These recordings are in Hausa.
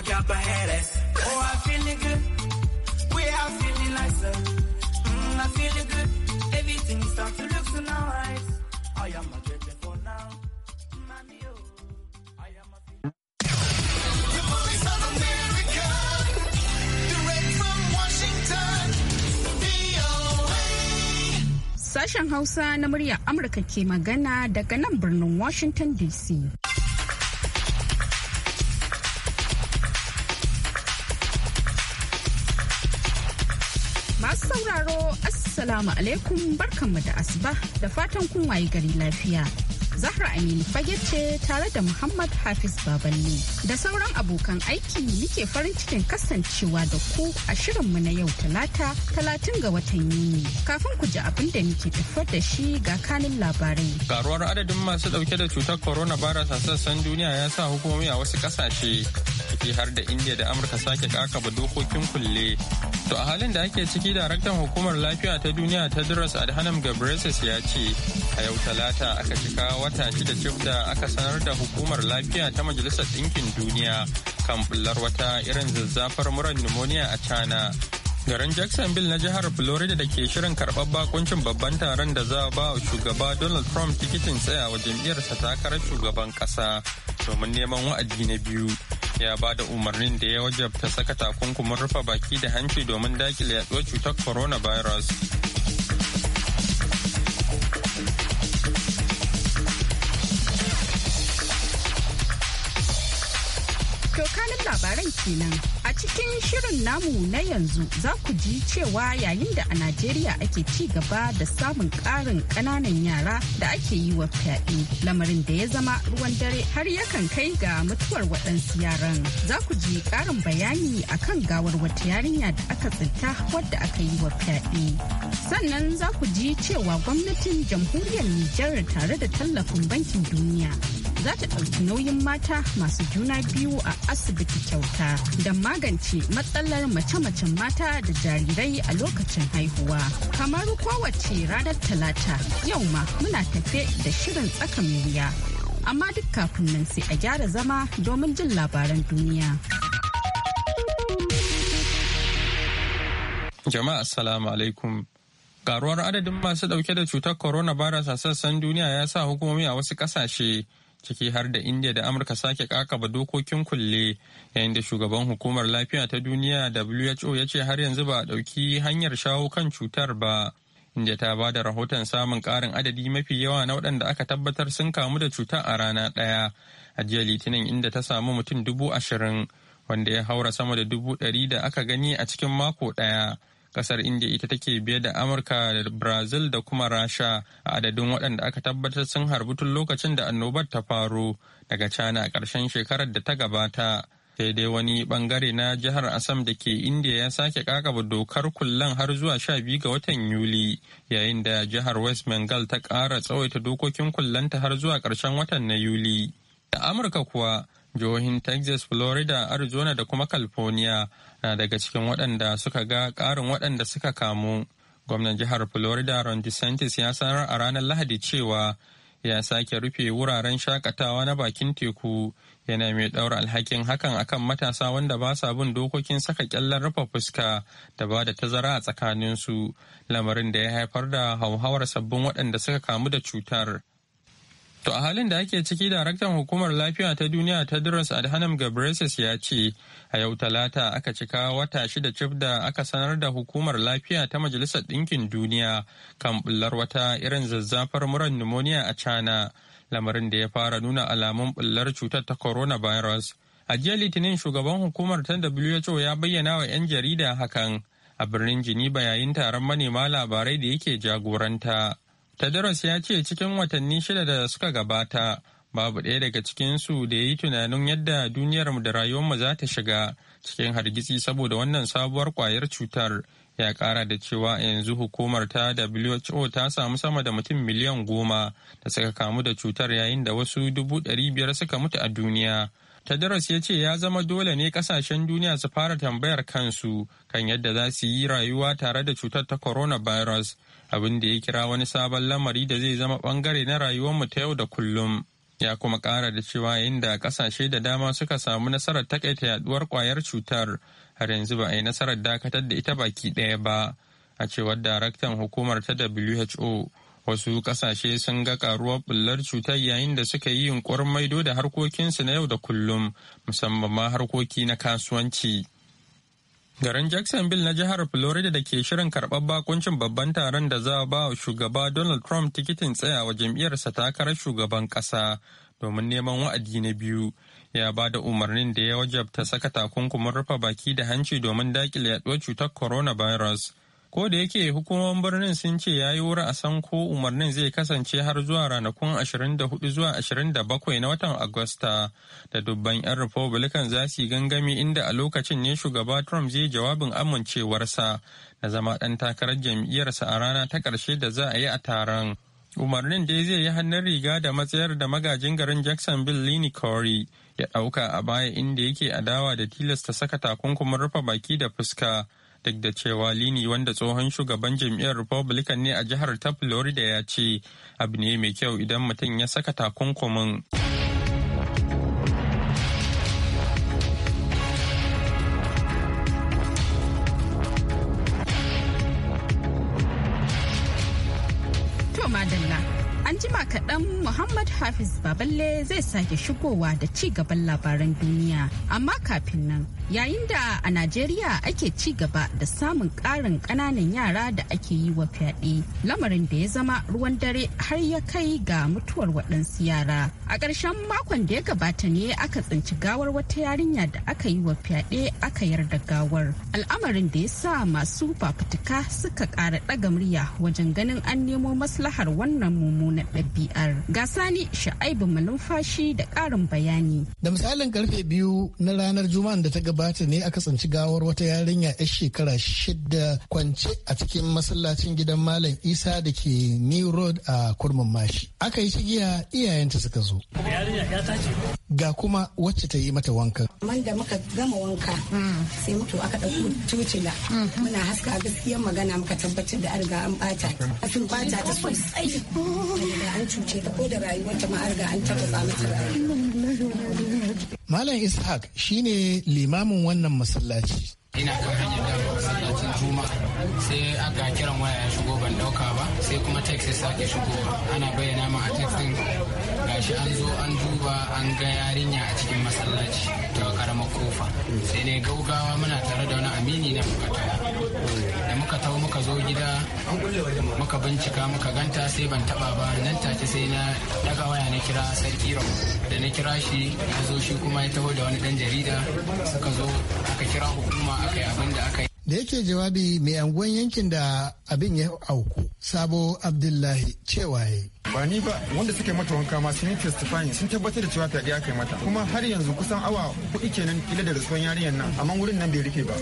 Oh, I got my head Oh, I'm feeling good. We are feeling like Mm, I'm feeling good. Everything starts to look so nice. I am a dreadful for now. Oh. Sashen Hausa na murya Amurka ke magana daga nan birnin Washington DC. sauraro Assalamu alaikum barkanmu da asuba da fatan kun waye gari lafiya. Zahra Aminu fage ce tare da Muhammad Hafiz Baballe da sauran abokan aiki muke farin cikin kasancewa da ku a shirinmu na yau talata talatin ga watan Yuni. Kafin ku ji abin da muke tafiyar da shi ga kanin labarai. Karuwar adadin masu dauke da cutar coronavirus a sassan duniya ya sa hukumomi a wasu kasashe ƙarfi har da indiya da amurka sake kakaba dokokin kulle to a halin da ake ciki daraktan hukumar lafiya ta duniya ta duras adhanam ghebreyesus ya ce a yau talata aka cika wata shida cif da aka sanar da hukumar lafiya ta majalisar ɗinkin duniya kan bullar wata irin zazzafar muran pneumonia a china Garin Jacksonville na jihar Florida da ke shirin karɓar bakuncin babban taron da za a ba shugaba Donald Trump tikitin tsayawa jam'iyyarsa takarar shugaban ƙasa domin neman wa'adi na biyu. Ya ba da umarnin da ya wajabta saka takunkumin rufe baki da hanci domin dakile yaduwar cutar coronavirus. labaran kenan. A cikin shirin namu na yanzu za ku ji cewa yayin da a Najeriya ake ci gaba da samun karin kananan yara da ake yi wa fyaɗe. Lamarin da ya zama ruwan dare har yakan kai ga mutuwar waɗansu yaran. Za ku ji ƙarin bayani akan gawar wata yarinya da aka tsinta wadda aka yi wa fyaɗe. Sannan za ku ji cewa gwamnatin jamhuriyar Nijar tare da tallafin bankin duniya za ta ɗauki nauyin mata masu juna biyu a asibiti kyauta don magance matsalar mace-macen mata da jarirai a lokacin haihuwa. Kamar kowace ranar talata yau ma muna tafe da shirin tsaka wuya. Amma duk kafin nan sai a gyara zama domin jin labaran duniya. Jama'a Assalamu alaikum. Karuwar adadin masu dauke da cutar coronavirus a sassan duniya ya sa hukumomi a wasu kasashe ciki har da india da amurka sake kakaba dokokin kulle yayin da shugaban hukumar lafiya ta duniya who ya ce har yanzu ba a ɗauki hanyar shawo kan cutar ba india ta ba da rahoton samun ƙarin adadi mafi yawa na waɗanda aka tabbatar sun kamu da cuta a rana ɗaya a jiya litinin inda ta samu mutum dubu ashirin wanda ya haura sama da dubu ɗari da aka gani a cikin mako ɗaya kasar india ita take biye da amurka da brazil da kuma rasha a adadin waɗanda aka tabbatar sun harbi tun lokacin da annobar ta faru daga china a ƙarshen shekarar da ta gabata sai dai wani bangare na jihar assam da ke india ya sake kakaba dokar kullan har zuwa sha biyu ga watan yuli yayin da jihar west bengal ta ƙara tsawaita dokokin kullanta har zuwa ƙarshen watan na yuli da amurka kuwa jihohin texas florida arizona da kuma california na daga cikin waɗanda suka ga ƙarin waɗanda suka kamu gwamnan jihar florida ron desantis ya sanar a ranar lahadi cewa ya sake rufe wuraren shakatawa na bakin teku yana mai ɗaura alhakin hakan akan matasa wanda ba sa bin dokokin saka kyallar rufe fuska da ba da tazara a tsakaninsu lamarin da ya haifar da hauhawar sabbin waɗanda suka kamu da cutar To a halin da ake ciki daraktan hukumar lafiya ta duniya ta Tedros Adhanom Ghebreyesus ya ce a yau talata aka cika wata shida cif da aka sanar da hukumar lafiya ta Majalisar Ɗinkin Duniya kan bullar wata irin zazzafar murar pneumonia a China lamarin da ya fara nuna alamun bullar cutar ta coronavirus. A jiya Litinin shugaban hukumar ta WHO ya bayyana wa 'yan jarida hakan a birnin Geneva yayin taron manema labarai da yake jagoranta. Tedros ya ce cikin watanni shida da suka gabata babu ɗaya daga cikinsu da ya yi tunanin yadda duniyarmu da rayuwarmu za ta shiga cikin hargitsi saboda wannan sabuwar kwayar cutar ya ƙara da cewa yanzu hukumar ta WHO ta samu sama da mutum miliyan goma da suka kamu da cutar yayin da wasu dubu ɗari biyar suka mutu a duniya Tedros ya ce ya zama dole ne kasashen duniya su fara tambayar kansu kan yadda za su yi rayuwa tare da cutar ta coronavirus abin da ya kira wani sabon lamari da zai zama bangare na rayuwar mu ta yau da kullum. Ya kuma kara da cewa inda da kasashe da dama suka samu nasarar takaita yaduwar kwayar cutar har yanzu ba a yi nasarar dakatar da ita baki ɗaya ba a cewar daraktan hukumar ta WHO Wasu kasashe sun ga karuwar bullar cutar yayin da suka yi yunkurin maido da harkokinsu na yau da kullum, musamman ma harkoki na kasuwanci. Garin Jacksonville na jihar Florida da ke shirin karɓar bakuncin babban taron da za a ba shugaba Donald Trump tikitin tsayawa jam'iyyarsa takarar shugaban ƙasa domin neman wa'adi na biyu. Ya ba da umarnin da ya wajabta saka takunkumin rufe baki da hanci domin daƙile yaɗuwar cutar coronavirus ko da yake hukumomin birnin sun ce ya yi wuri a san ko umarnin zai kasance har zuwa ranakun 24 zuwa 27 na watan agusta da dubban 'yan republican za su yi gangami inda a lokacin ne shugaba trump zai jawabin amincewarsa na zama ɗan takarar jam'iyyarsa a rana ta ƙarshe da za a yi a taron umarnin dai zai yi hannun riga da matsayar da magajin garin jacksonville lini corey ya ɗauka a baya inda yake adawa da tilasta saka takunkumin rufe baki da fuska duk da cewa lini wanda tsohon shugaban jam'iyyar republican ne a jihar ta florida ya ce abu ne mai kyau idan mutum ya saka takunkumin. Muhammad Hafiz Baballe zai sake shigowa da ci gaban labaran duniya. Amma kafin nan, yayin da a Najeriya ake ci gaba da samun ƙarin ƙananan yara da ake yi wa fyaɗe, lamarin da ya zama ruwan dare har ya kai ga mutuwar waɗansu yara. A ƙarshen makon da ya gabata ne aka tsinci gawar wata yarinya da aka yi wa fyaɗe aka yarda gawar. Al'amarin da ya sa masu fafutuka suka ƙara ɗaga murya wajen ganin an nemo maslahar wannan mummunar ɗabi'ar. Ga sani sha'aibu numfashi da ƙarin bayani. Da misalin karfe biyu na ranar juma'an da ta gabata ne aka tsinci gawar wata yarinya 'yar shekara shida kwance a cikin masallacin gidan Malam Isa da ke New Road a kurmin mashi. Aka yi shigiya iyayenta suka zo. Ga kuma wacce ta yi mata wanka. Man muka gama wanka sai mutu aka ɗauki tucila. Muna haska gaskiyar magana muka tabbatar da an riga an ɓata. da rayuwarta ma an riga an taɓa mata rayuwa. Malam Ishaq shine limamin wannan masallaci. Ina kan hanyar sai aka kiran waya ya shigo ban dauka ba sai kuma text ya sake shigo ana bayyana ma a text din gashi an zo an duba an ga yarinya a cikin masallaci to karamar kofa sai ne gaugawa muna tare da wani amini na muka da muka tau muka zo gida muka bincika muka ganta sai ban taba ba nan take sai na daga waya na kira sarki da na kira shi ya zo shi kuma ya taho da wani dan jarida suka zo aka kira hukuma aka yi abin da aka yi da yake jawabi mai anguwan yankin da abin ya auku sabo abdullahi cewa ba ni ba wanda suke mata wanka ma sun testifying sun tabbatar da cewa fyaɗe aka yi mata kuma har yanzu kusan awa kuɗi kenan kila da rasuwan yarinyar nan amma wurin nan bai rufe ba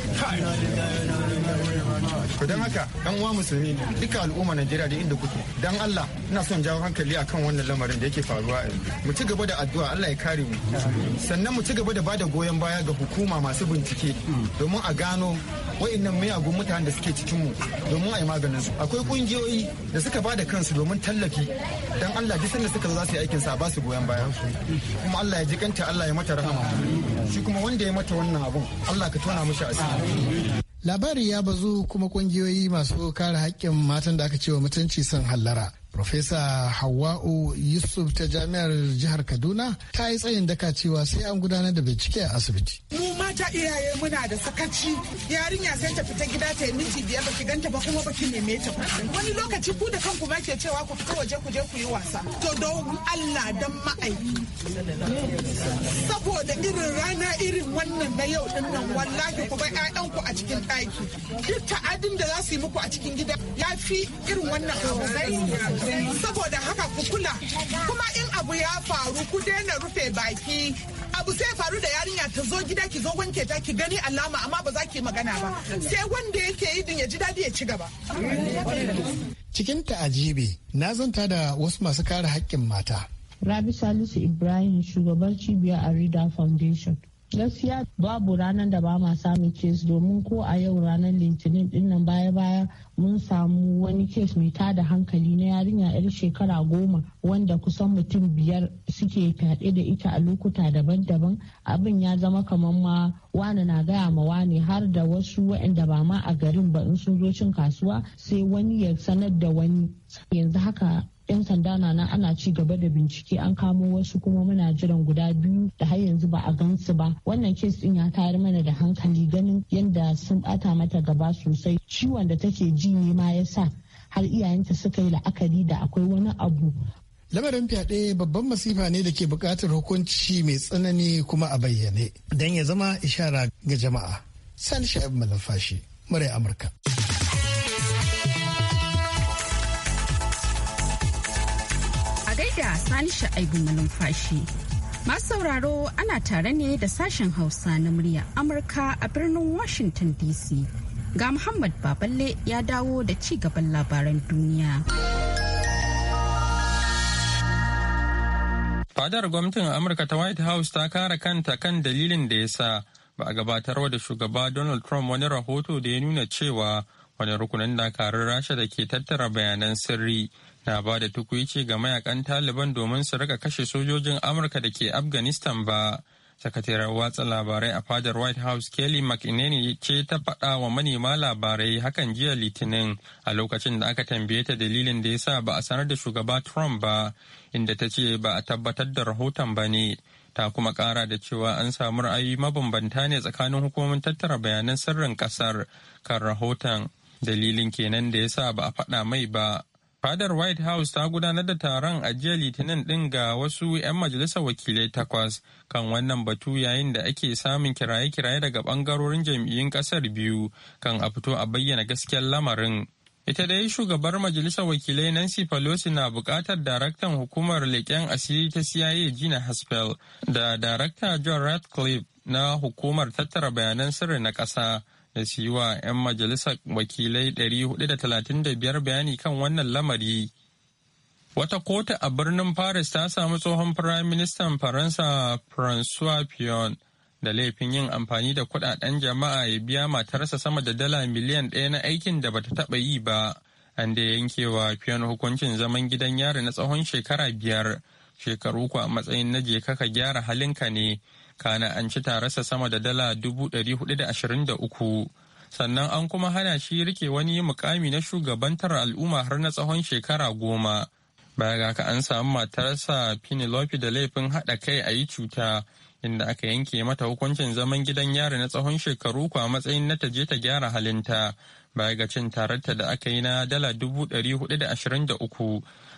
Ko don haka dan uwa musulmi duka al'umma Najeriya da inda kuke dan Allah ina son jawo hankali akan wannan lamarin da yake faruwa yanzu mu ci gaba da addu'a Allah ya kare mu sannan mu ci gaba da bada goyon baya ga hukuma masu bincike domin a gano wa'annan miyagun mutanen da suke cikin mu domin a yi maganin su akwai kungiyoyi da suka bada kansu domin tallafi dan Allah duk sanda suka zo za su yi aikin sa ba su goyon baya kuma Allah ya ji kanta Allah ya mata rahama shi kuma wanda ya mata wannan abun Allah ka tona mishi asiri labari ya bazu kuma kungiyoyi masu kare haƙƙin matan da aka ce wa mutunci sun hallara Profesa Hawa'u Yusuf ta Jami'ar Jihar Kaduna ta yi tsayin daka cewa sai an gudanar da bincike a asibiti. Mu mata iyaye muna da sakaci yarinya sai ta fita gida ta yi minti biyar baki ganta ba kuma baki neme ta ba. Wani lokaci ku da kanku ma ke cewa ku fita waje ku je ku yi wasa. To don Allah dan ma'aiki. Saboda irin rana irin wannan na yau din nan wallahi ku bai ku a cikin ɗaki. Duk ta'adin da za su yi muku a cikin gida ya fi irin wannan abu saboda haka ku kula kuma in abu ya faru ku daina rufe baki abu sai faru da yarinya ta zo gida ki zo wanke ta ki gani alama amma ba za ki magana ba sai wanda yake yi ya ji dadi ya ci gaba cikin ta'ajibi na zanta da wasu masu kare haƙƙin mata rabi salisu ibrahim shugabar cibiyar arida foundation gaskiya babu ranar da ba ma samun kes domin ko a yau ranar litinin dinnan baya baya mun samu wani kes mai tada hankali na yarinya yar shekara goma wanda kusan mutum biyar suke fyaɗe da ita a lokuta daban-daban abin ya zama kamar ma wani na gaya ma wani har da wasu waɗanda ba ma a garin ba in sun zo cin kasuwa sai wani ya sanar da wani yanzu haka 'yan sanda na nan ana ci gaba da bincike an kamo wasu kuma muna jiran guda biyu da har yanzu ba a gansu ba wannan kes din ya tayar mana da hankali ganin yadda sun bata mata gaba sosai ciwon da take ji ne ma ya sa har iyayenta suka yi la'akari da akwai wani abu lamarin fyaɗe babban masifa ne da ke buƙatar hukunci mai tsanani kuma a bayyane don ya zama ishara ga jama'a sani sha'ib malafashi murai amurka gaida sani sha'ibu numfashi Masu sauraro ana tare ne da sashen Hausa na murya Amurka a birnin Washington DC. Ga Muhammad Baballe ya dawo da ci gaban labaran duniya. Fadar gwamnatin Amurka ta White House ta kara kanta kan dalilin da ya sa ba a gabatarwa da shugaba Donald Trump wani rahoto da ya nuna cewa wani rukunin dakarun Rasha da ke tattara bayanan sirri ta ba da tukuici ga mayakan Taliban domin su rika kashe sojojin Amurka da ke Afghanistan ba. Sakataren watsa labarai a fadar White House Kelly McEnany ce ta faɗa wa manema labarai hakan jiya Litinin a lokacin da aka tambaye ta dalilin da ya sa ba a sanar da shugaba Trump ba, inda ta ce ba a tabbatar da rahoton ba ne. Ta kuma kara da cewa an samu ra'ayi mabambanta ne tsakanin hukumomin tattara bayanan sirrin kasar kan rahoton dalilin kenan da ya sa ba a faɗa mai ba. Fadar White House ta gudanar da taron a jiya Litinin ɗin ga wasu 'yan majalisar wakilai takwas kan wannan batu yayin da ake samun kiraye-kiraye daga bangarorin jam'iyyun ƙasar biyu kan a fito a bayyana gaskiyar lamarin. Ita dai shugabar majalisar wakilai Nancy Pelosi na buƙatar daraktan hukumar leƙen asiri ta CIA Gina Haspel da darakta John Ratcliffe na hukumar tattara bayanan sirri na ƙasa. da su yi wa 'yan majalisar wakilai 435 bayani kan wannan lamari. Wata kotu a birnin Paris ta samu tsohon Firaministan Faransa François Fillon da laifin yin amfani da kudaden jama'a ya biya matarsa sama da dala miliyan ɗaya na aikin da bata taɓa yi ba. An da yankewa Fillon hukuncin zaman gidan yari na tsawon shekara biyar, shekaru kuwa matsayin na je kaka gyara halinka ne. kana an ci tarasa sama da dala dubu sannan an kuma hana shi rike wani mukami na shugabantar al'umma har na tsawon shekara goma baya ga haka an samu matarsa penelope da laifin haɗa kai a yi cuta inda aka yanke mata hukuncin zaman gidan yari na tsawon shekaru kwa a matsayin na ta je ta gyara halinta baya ga cin tararta da aka yi na dala dubu ɗari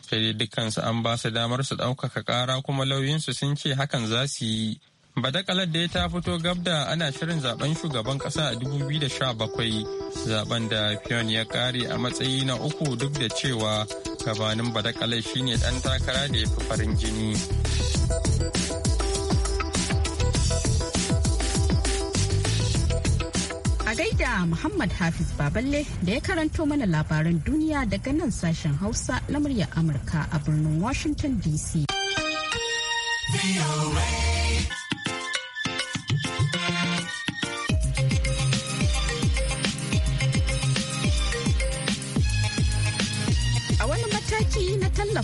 sai dai dukkansu an ba su damar su ɗaukaka ƙara kuma lauyinsu sun ce hakan za su yi Badakalar da ya ta fito gabda ana shirin zaben shugaban kasa a 2017 zaben da Pion ya kare a matsayi na uku duk da cewa gabanin badakalar shine dan takara da ya fi farin jini. A gaida Muhammad Hafiz Baballe da ya karanto mana labaran duniya daga nan sashen Hausa na muryar Amurka a birnin Washington DC.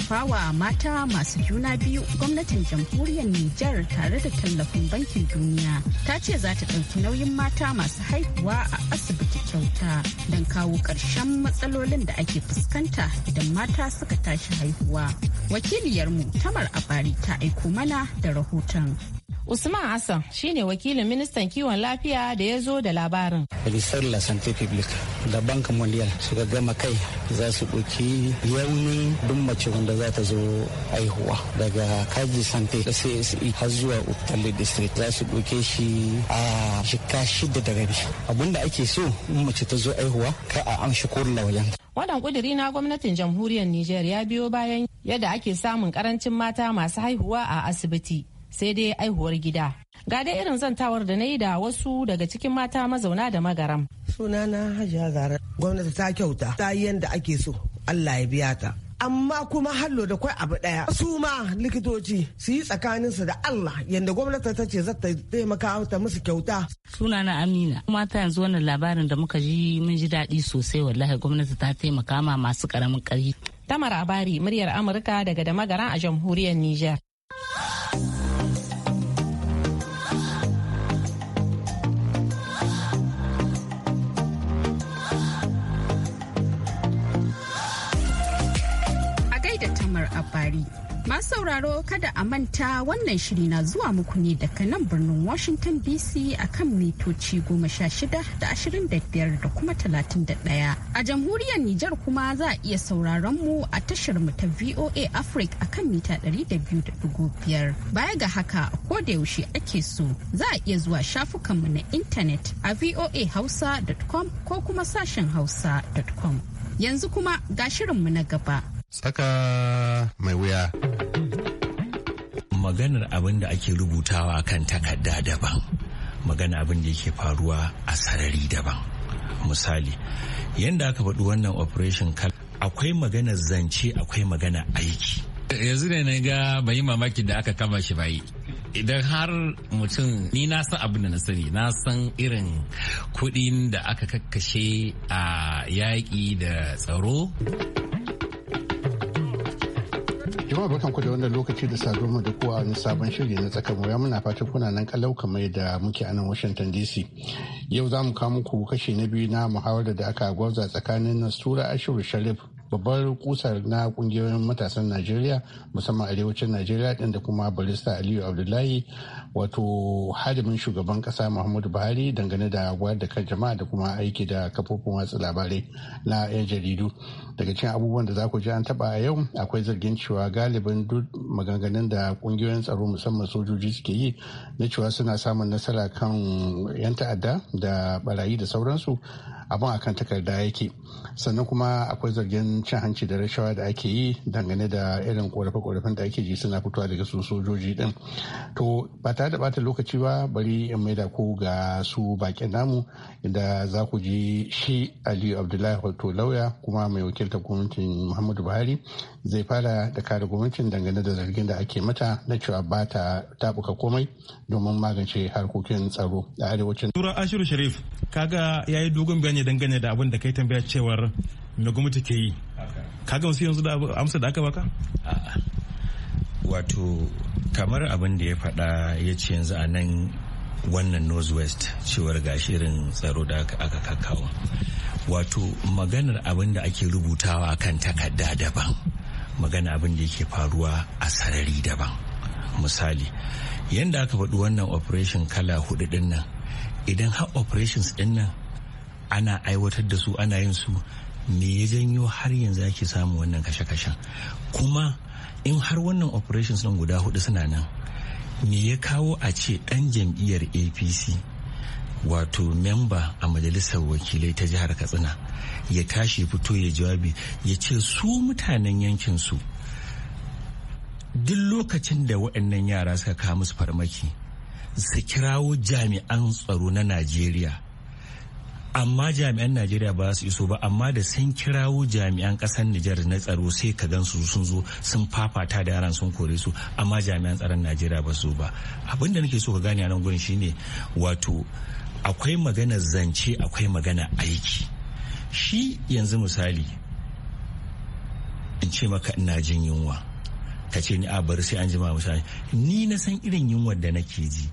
tallafawa mata masu juna biyu gwamnatin jamhuriyar Nijar tare da tallafin bankin duniya ta ce za ta ɗauki nauyin mata masu haihuwa a asibiti kyauta don kawo ƙarshen matsalolin da ake fuskanta idan mata suka tashi haihuwa. Wakiliyarmu Tamar Abari ta aiko mana da rahoton. Usman Hassan shine wakilin ministan kiwon lafiya da ya zo da labarin. Ministar la Santé Publique da Bank Mondial suka gama kai za su ɗauki yaunin duk mace wanda za ta zo aihuwa daga kaji Santé da CSE har zuwa Uptali District za su ɗauke shi a shika shida da rabi. Abinda ake so in mace ta zo aihuwa ka a amshi kurla wajen. Wannan kuduri na gwamnatin jamhuriyar Nijar ya biyo bayan yadda ake samun karancin mata masu haihuwa a asibiti. sai dai aihuwar gida ga dai irin zantawar da na yi da wasu daga cikin mata mazauna da magaram sunana hajiya zara gwamnati ta kyauta ta yi yadda ake so allah ya biya ta amma kuma hallo da kwai abu daya su ma likitoci su yi tsakaninsu da Allah yadda gwamnati ta ce zata taimaka ta musu kyauta sunana na amina ta yanzu wannan labarin da muka ji mun ji daɗi sosai wallahi gwamnati ta taimaka ma masu ƙaramin ƙarfi tamar abari muryar amurka daga da magaran a jamhuriyar nijar. a Paris. Masu sauraro kada a manta wannan shiri na zuwa muku ne daga nan birnin Washington DC akan mitoci goma sha shida da ashirin da biyar da kuma talatin da ɗaya. A jamhuriyar Nijar kuma za a iya sauraron mu a tashar mu ta VOA Africa akan mita ɗari da biyu da dugu biyar. Baya ga haka ko da yaushe ake so za a iya zuwa shafukan mu na intanet a voahausa.com ko kuma sashen hausa.com. Yanzu kuma ga shirinmu na gaba. Saka mai wuya. Maganar abin da ake rubutawa kan takarda daban, magana abin da yake faruwa a sarari daban. Misali, yadda aka faɗi wannan operation kal akwai magana zance akwai magana aiki. Yanzu ne na ga bayi mamaki da aka kama shi bayi. idan har mutum ni na san abin da na sani na san irin kudin da aka kakkashe a yaƙi da tsaro. Jama'a bakan ku da wannan lokaci da sabon mu da kowa wani sabon shiri na tsakar wuya muna fatan kuna nan kalau kamar da muke a nan Washington DC. Yau za mu kawo muku kashi na biyu na muhawarar da aka gwamza tsakanin Nasura Ashiru Sharif babbar kusar na kungiyoyin matasan Najeriya musamman arewacin Najeriya din da kuma barista Aliyu Abdullahi wato hadimin shugaban kasa Muhammadu Buhari dangane da wayar da kan jama'a da kuma aiki da kafofin watsa labarai na 'yan jaridu. daga cikin abubuwan da za ku ji an taba a yau akwai zargin cewa galibin duk maganganun da kungiyoyin tsaro musamman sojoji suke yi na cewa suna samun nasara kan 'yan ta'adda da barayi da sauransu abin akan takarda yake sannan kuma akwai zargin cin hanci da rashawa da ake yi dangane da irin korafe-korafen da ake ji suna fitowa daga su sojoji din to ba tare da bata lokaci ba bari in maida ko ga su bakin namu inda za ku ji shi aliyu abdullahi wato lauya kuma mai wakil wakiltar gwamnatin muhammadu buhari zai fara da kare gwamnatin dangane da zargin da ake mata na cewa ba ta tabuka komai domin magance harkokin tsaro da arewacin tura ashiru sharif kaga ya yi dogon bayani dangane da abin da kai tambaya cewar me gwamnati ke yi kaga wasu yanzu da amsa da aka baka wato kamar abin da ya faɗa ya ce yanzu a nan wannan northwest cewar ga shirin tsaro da aka kawo wato maganar abin da ake rubutawa kan takarda daban magana abin da yake faruwa a sarari daban misali yadda aka faɗi wannan operation kala hudu din nan idan har operations din nan ana aiwatar da su ana yin su me ya janyo har yanzu ake samu wannan kashe-kashen kuma in har wannan operations nan guda hudu suna nan me ya kawo a ce dan jam'iyyar apc wato memba a majalisar wakilai ta jihar katsina ya tashi fito ya jawabi ya ce su mutanen yankin su duk lokacin da waɗannan yara suka kawo musu farmaki su kirawo jami'an tsaro na najeriya amma jami'an najeriya ba su iso ba amma da sun kirawo jami'an ƙasar nijar na tsaro sai ka gan su sun zo sun fafata da yaran sun kore su amma jami'an tsaron najeriya ba su ba abinda da nake so ka gane a nan gurin shine wato akwai magana zance akwai magana aiki shi yanzu misali in ce maka ina jin yunwa ka ce ni a bari sai an jima misali ni na san irin yunwar da nake ji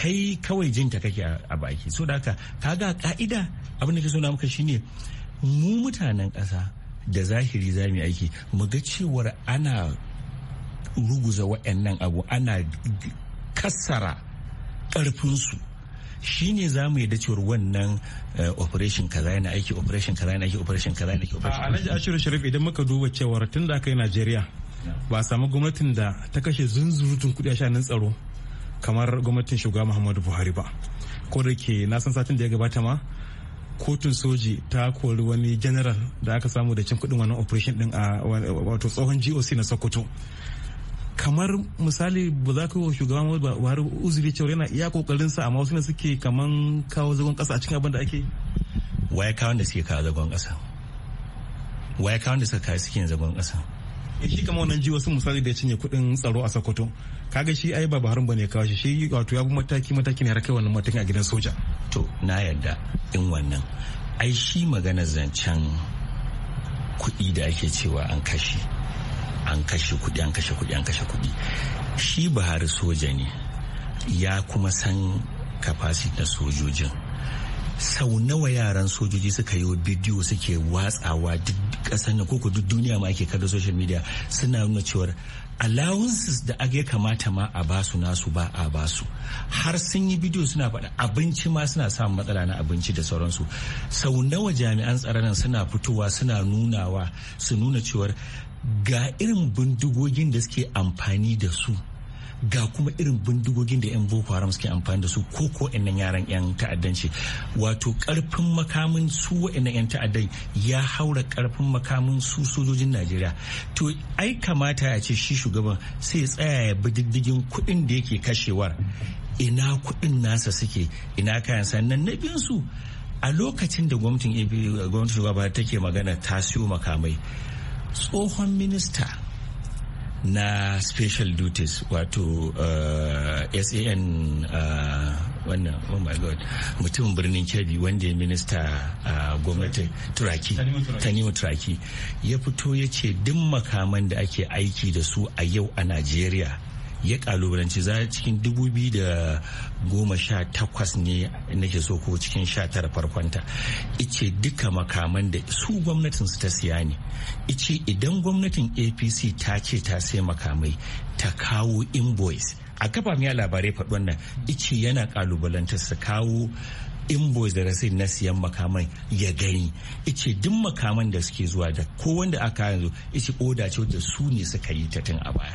kai kawai jinta kake a baki so da haka kaga ka'ida abin da ke so maka shine mu mutanen ƙasa da zahiri za mu aiki mu ga cewar ana ruguza wa'annan abu ana kassara ƙarfinsu Shi ne za mu yadda cewar wannan eh, operation kaza yana aiki operation kaza yana aiki operation kaza yana aiki operation. a Ashiru Sharif idan muka duba cewar tun da aka yi Najeriya ba a samu gwamnatin da ta kashe zunzurutun kudi a shanin tsaro kamar gwamnatin shugaba Muhammadu Buhari ba. Ko da ke na satin da ya gabata ma kotun soji ta kori wani general da aka samu da cin kudin wannan operation din a wato tsohon GOC na Sokoto. kamar misali ba za ka shugaban buhari uzuri cewa yana iya kokarin sa amma wasu ne suke kaman kawo zagon kasa a cikin abin da ake waye kawo da suke kawo zagon kasa waye kawo da suka kawo suke zagon kasa eh, shi kama wannan ji wasu misali da ya cinye kuɗin tsaro a sokoto kaga shi ai ba buhari bane kawo shi shi wato ya bi mataki mataki ne har kai wannan matakin a gidan soja to na yarda in wannan ai shi maganar zancen kuɗi da ake cewa an kashe an kashe kuɗi an kashe kuɗi an kashe kuɗi shi buhari soja ne ya kuma san capacity na sojojin sau nawa yaran sojoji suka yi bidiyo suke watsawa duk ƙasar na koko duk duniya ma ake kada social media suna nuna cewar allowances da ya kamata ma a basu nasu ba a basu har sun yi bidiyo suna faɗa abinci ma suna samun matsala na abinci da sauransu sau nawa jami'an tsaron suna fitowa suna nunawa su nuna cewar ga irin bindigogin da suke amfani da su ga kuma irin bindigogin da 'yan boko haram suke amfani da su ko ko nan yaran 'yan ta'addanci wato karfin makamin su wa'annan 'yan ta'addan ya haura karfin makamin su sojojin najeriya to ai kamata ya ce shi shugaban sai tsaya ya bi diddigin kuɗin da yake kashewar ina kuɗin nasa suke ina kayan sannan na biyun su a lokacin da gwamnatin shugaba take magana ta siyo makamai tsohon minista na special duties wato uh, san uh, wannan oh my god mutumin birnin kebbi wanda ya minista a uh, gwamnatin turaki tanimu turaki ya fito ya ce duk makaman da ake aiki da su a yau a najeriya ya kalubalanci za cikin 2018 ne nake so ko cikin 19 farkonta ice duka makaman da su gwamnatin su ta siya ne ice idan gwamnatin apc ta ce ta sai makamai ta kawo invoice a kafa miya labarai faɗi nan ice yana kalubalanta su kawo In invoice da sai na siyan makaman ya gani ice duk makaman da suke zuwa da ko wanda aka yanzu ice oda ce da su ne suka yi ta tun a baya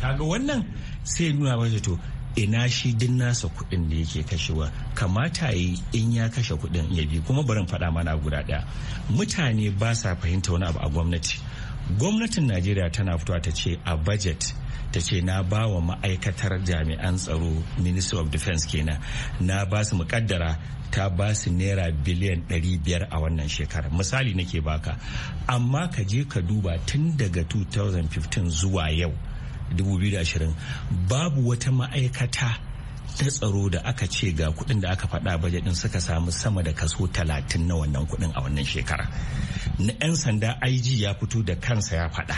kaga wannan sai nuna masa to ina shi din nasa kuɗin da yake kashewa kamata yi in ya kashe kuɗin ya bi kuma barin faɗa mana guda ɗaya mutane ba sa fahimta wani abu a gwamnati gwamnatin najeriya tana fitowa ta ce a budget ta ce na ba wa ma'aikatar jami'an tsaro ministry of defense kenan na ba su mukaddara ta ba su naira biliyan 500 a wannan shekarar misali nake baka amma ka je ka duba tun daga 2015 zuwa yau 2020 babu wata ma'aikata ta tsaro da aka ce ga kuɗin da aka faɗa bajet ɗin suka samu sama da kaso talatin na wannan kuɗin a wannan shekara na 'yan sanda ig ya fito da kansa ya faɗa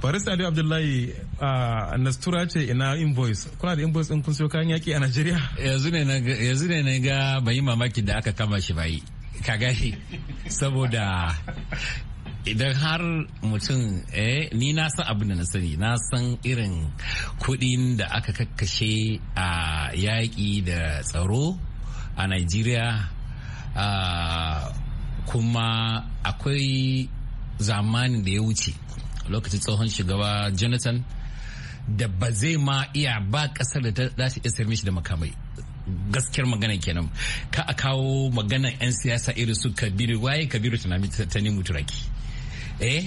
Farista Ali Abdullahi a Nastura ce ina invoice. Kuna da invoice in kun siyo kayan yaki a Najeriya? Yanzu ne na ga bai mamaki da aka kama shi bai. Ka gashi saboda idan har mutum eh ni na san abin da na sani na san irin kuɗin da aka kakkashe a yaƙi da tsaro a Najeriya kuma akwai zamanin da ya wuce. lokacin tsohon shugaba jonathan da ba zai ma iya ba kasar da ta su iya sayar mishi da makamai gaskiyar magana kenan ka a kawo maganar 'yan siyasa irin su kabiru waye kabiru tunani muturaki eh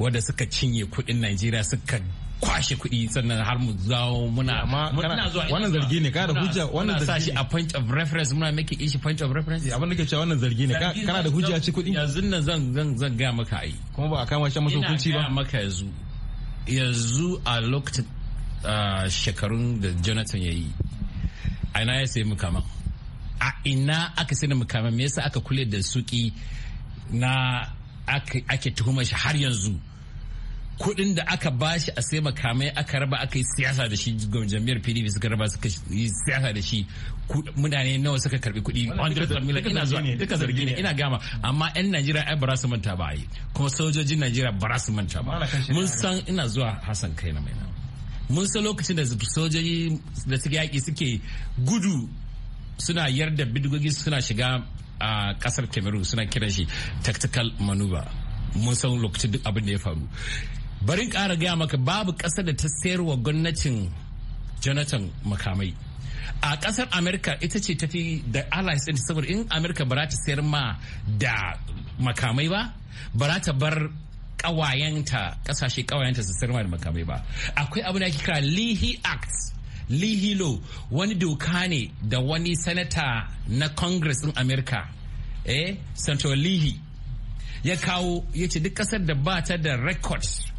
wanda suka cinye kudin najeriya suka kwashe kuɗi sannan har mu zawo muna muna zuwa wannan zargi ne kana da hujja wannan zargi sa shi a point of reference muna make ishi point of reference eh, abin da ke cewa wannan zargi ne kana da hujja ci kuɗi yanzu nan zan zan zan ga maka ai kuma ba a kama shi masa hukunci ba ina maka yanzu yanzu a lokacin shekarun da Jonathan ya yi ina ya sayi mukama? a ina aka sayi mukama me yasa aka kule da suki na ake tuhumar shi har yanzu kuɗin da aka bashi a sai makamai aka raba aka yi siyasa da shi jami'ar pdp suka raba suka yi siyasa da shi mutane nawa suka karbi kuɗi ina zuwa duka zargi ne ina gama amma yan najeriya ai ba su manta ba yi kuma sojojin najeriya ba su manta ba mun san ina zuwa hassan kai na mai mun san lokacin da sojoji da suke yaƙi suke gudu suna yarda bidigogi suna shiga a kasar cameroon suna kiran shi tactical maneuver mun san lokacin duk abin da ya faru barin ƙara gaya maka babu ƙasar da ta sayarwa gwamnatin jonathan makamai a ƙasar amerika ita ce ta fi da allies ɗin saboda in amerika ba ta sayar ma da makamai ba ba ta bar ƙawayenta ƙasashe ƙawayenta su sayar ma da makamai ba akwai abu da ake kira lihi act lihi law wani doka ne da wani sanata na congress ɗin amerika eh santo lihi ya kawo ya ce duk ƙasar da ba ta da records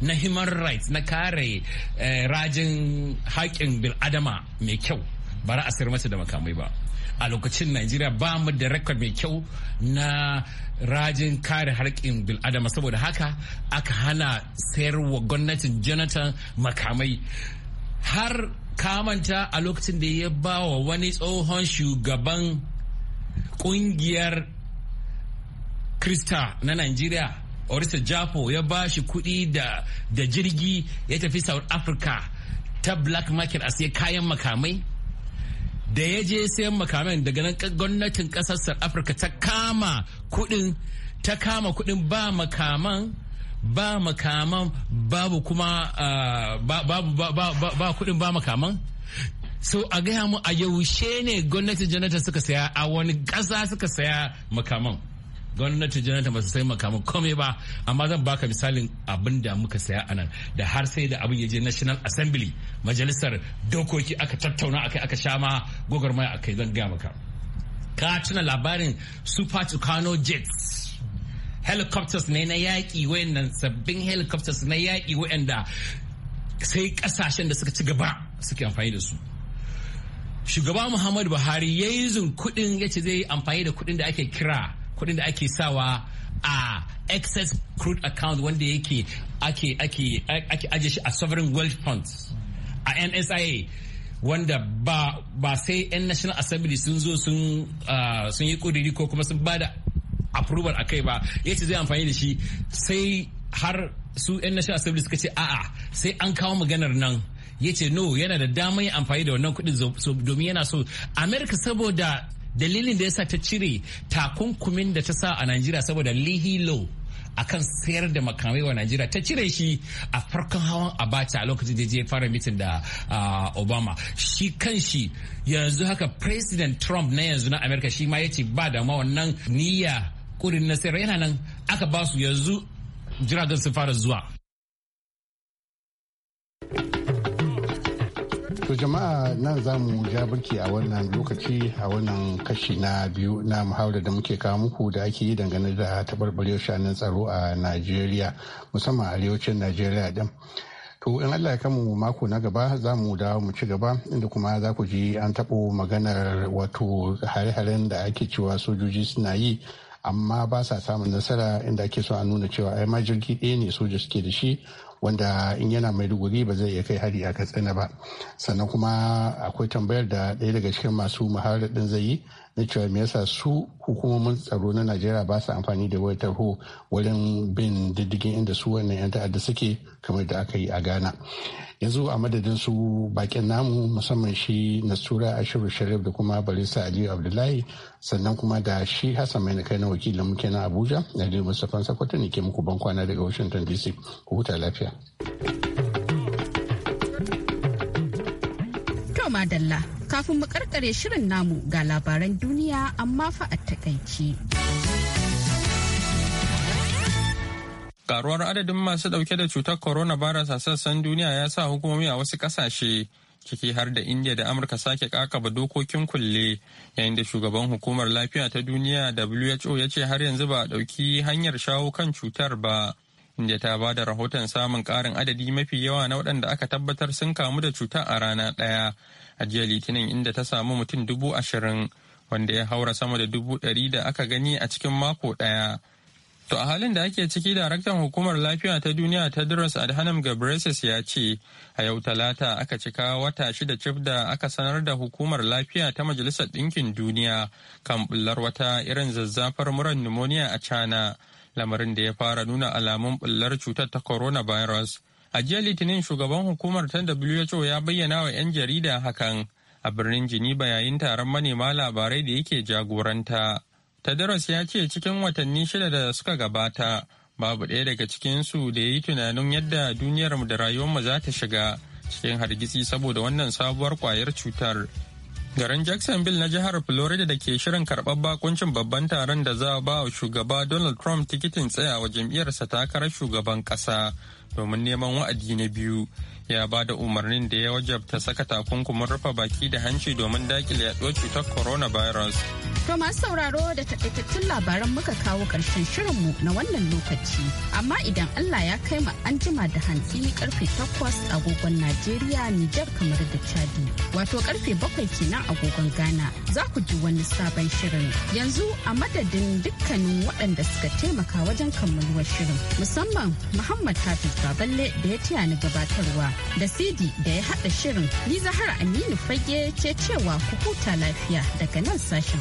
na human rights na kare eh, rajin haƙin bil'adama mai kyau ba a sayar masa da makamai ba a lokacin najeriya ba mu da rekod mai kyau na rajin kare harkin bil'adama saboda haka aka hana sayarwa gwamnatin jonathan makamai har kamanta a lokacin da ya ba wa wani tsohon shugaban kungiyar krista na najeriya orisa japo ya ba shi kuɗi da jirgi ya tafi south africa ta black market a sai kayan makamai da ya je sayan makamai daga nan gwamnatin ƙasar south africa ta kama kuɗin ta kama kuɗin ba makaman ba makaman babu kuma ba kuɗin ba makaman so a gaya mu a yaushe ne gwamnatin janata suka saya a wani ƙasa suka saya makaman gwamnatin janata ba su sai makamu komai ba amma zan baka misalin abin da muka saya a nan da har sai da abin ya je national assembly majalisar dokoki aka tattauna kai aka sha ma gwagwarmaya kai zan gaya maka ka tuna labarin super tucano jets helicopters ne na yaƙi wayannan sabbin helicopters na yaƙi wayanda sai kasashen da suka ci gaba suke amfani da su shugaba muhammadu buhari ya yi zun kudin ya ce zai amfani da kudin da ake kira kuɗin da ake sawa a excess crude account wanda yake ake ake ake aje shi a sovereign wealth funds a NSIA wanda ba ba sai 'yan national assembly sun zo sun ah, sun yi kudiri ko kuma sun ba da approval a kai ba ya ce zai amfani da shi sai har su 'yan national assembly suka ce a'a sai an kawo maganar nan ya ce no yana da damar amfani da wannan kudin domin yana so america saboda dalilin da ya sa ta cire takunkumin da ta sa a najeriya saboda lihilo a kan sayar da makamai wa Najeriya ta cire shi a farkon hawan Abacha a lokacin da ya fara mitin da ah, Obama shi kan shi yanzu haka President Trump na yanzu na Amerika shi ma ya ce ba da ma wannan niyya kurin na sayar yana nan aka ba su yanzu jiragen su fara zuwa To jama'a nan za mu ja birki a wannan lokaci a wannan kashi na biyu na muhawarar da muke kawo muku da ake yi dangane da taɓarɓarewar shanun tsaro a Najeriya musamman a arewacin Najeriya din. To in Allah ya kama mako na gaba za mu dawo mu ci gaba inda kuma za ku ji an taɓo maganar wato hare-haren da ake cewa sojoji suna yi amma ba sa samun nasara inda ake so a nuna cewa ai ma jirgi ɗaya ne soja suke da shi wanda in yana mai maiduguri ba zai iya kai hari a katsina ba sannan kuma akwai tambayar da ɗaya daga cikin masu muharar ɗin zai yi na cewa me yasa su hukumomin tsaro na najeriya ba su amfani da wayar tarho wurin bin diddigin inda su wannan 'yan ta'adda suke kamar da aka yi a ghana yanzu a madadin su bakin namu musamman shi nasura ashiru sharif da kuma barisa aliyu abdullahi sannan kuma da shi hassan mai kai na wakilin muke na abuja da aliyu mustapha sakwato ne ke muku bankwana daga washington dc huta lafiya madalla kafin mu karkare shirin namu ga labaran duniya amma fa a takaici. Karuwar adadin masu dauke da cutar coronavirus a sassan duniya ya sa hukumomi a wasu kasashe ciki har da India da Amurka sake kakaba dokokin kulle yayin da shugaban hukumar lafiya ta duniya WHO ya ce har yanzu ba a dauki hanyar shawo kan cutar ba. India ta ba da rahoton samun karin adadi mafi yawa na waɗanda aka tabbatar sun kamu da cutar a rana ɗaya a jiya litinin inda ta samu mutum dubu ashirin wanda ya haura sama da dubu ɗari da aka gani a cikin mako ɗaya. To a halin da ake ciki daraktan hukumar lafiya ta duniya ta Tedros Adhanom Ghebreyesus ya ce a yau talata aka cika wata shida cif da aka sanar da hukumar lafiya ta Majalisar Ɗinkin Duniya kan bullar wata irin zazzafar muran pneumonia a Cana, lamarin da ya fara nuna alamun bullar cutar ta coronavirus. A jiya Litinin shugaban hukumar ta WHO ya bayyana wa 'yan jarida hakan a birnin Geneva yayin taron manema labarai da yake jagoranta. Tadaros ya ce cikin watanni shida da suka gabata babu ɗaya daga cikinsu da ya yi tunanin yadda duniyarmu da rayuwarmu za ta shiga cikin hargitsi saboda wannan sabuwar kwayar cutar. Garin Jacksonville na jihar Florida da ke shirin karɓar bakuncin babban taron da za a ba shugaba Donald Trump tikitin tsayawa jam'iyyarsa takarar shugaban ƙasa domin neman wa'adi na biyu ya ba da umarnin da ya wajabta saka takunkumin rufe baki da hanci domin dakile yaduwar cutar coronavirus. To masu sauraro da takaitattun labaran muka kawo karshen shirinmu na wannan lokaci. Amma idan Allah ya kai mu an jima da hantsi karfe takwas agogon Najeriya Nijar kamar da Chadi. Wato karfe bakwai kenan agogon Ghana. Za ku ji wani sabon shirin. Yanzu a madadin dukkanin waɗanda suka taimaka wajen kammaluwar shirin. Musamman Muhammad Hafiz Baballe da ya tiya ni gabatarwa. da cd da ya haɗa shirin. Ni Zahara Aminu Fage ce cewa ku huta lafiya daga nan sashen